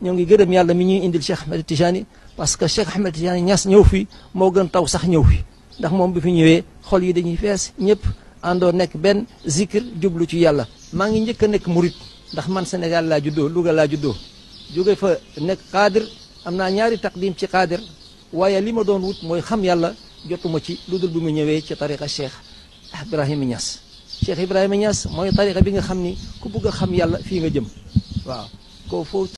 ñoo ngi gërëm yàlla mi ñuy indil cheikh ahmed tijani parce que cheikh ahmed tijani ñas ñëw fi moo gën taw sax ñëw fi ndax moom bi fi ñëwee xol yi dañuy fees ñëpp àndoo nekk benn zikr jublu ci yàlla maa ngi njëkk a nekk murit ndax man sénégal laa juddoo louga laa juddoo jóge fa nekk qaadir am naa ñaari taqdim ci qaadir waaye li ma doon wut mooy xam yàlla jotuma ci lu dul bi mu ñëwee ci tariqa cheikh ibrahima ñas cheikh ibrahima ñas mooy tariqa bi nga xam ni ku bugg a xam yàlla fii nga jëm waaw ko foo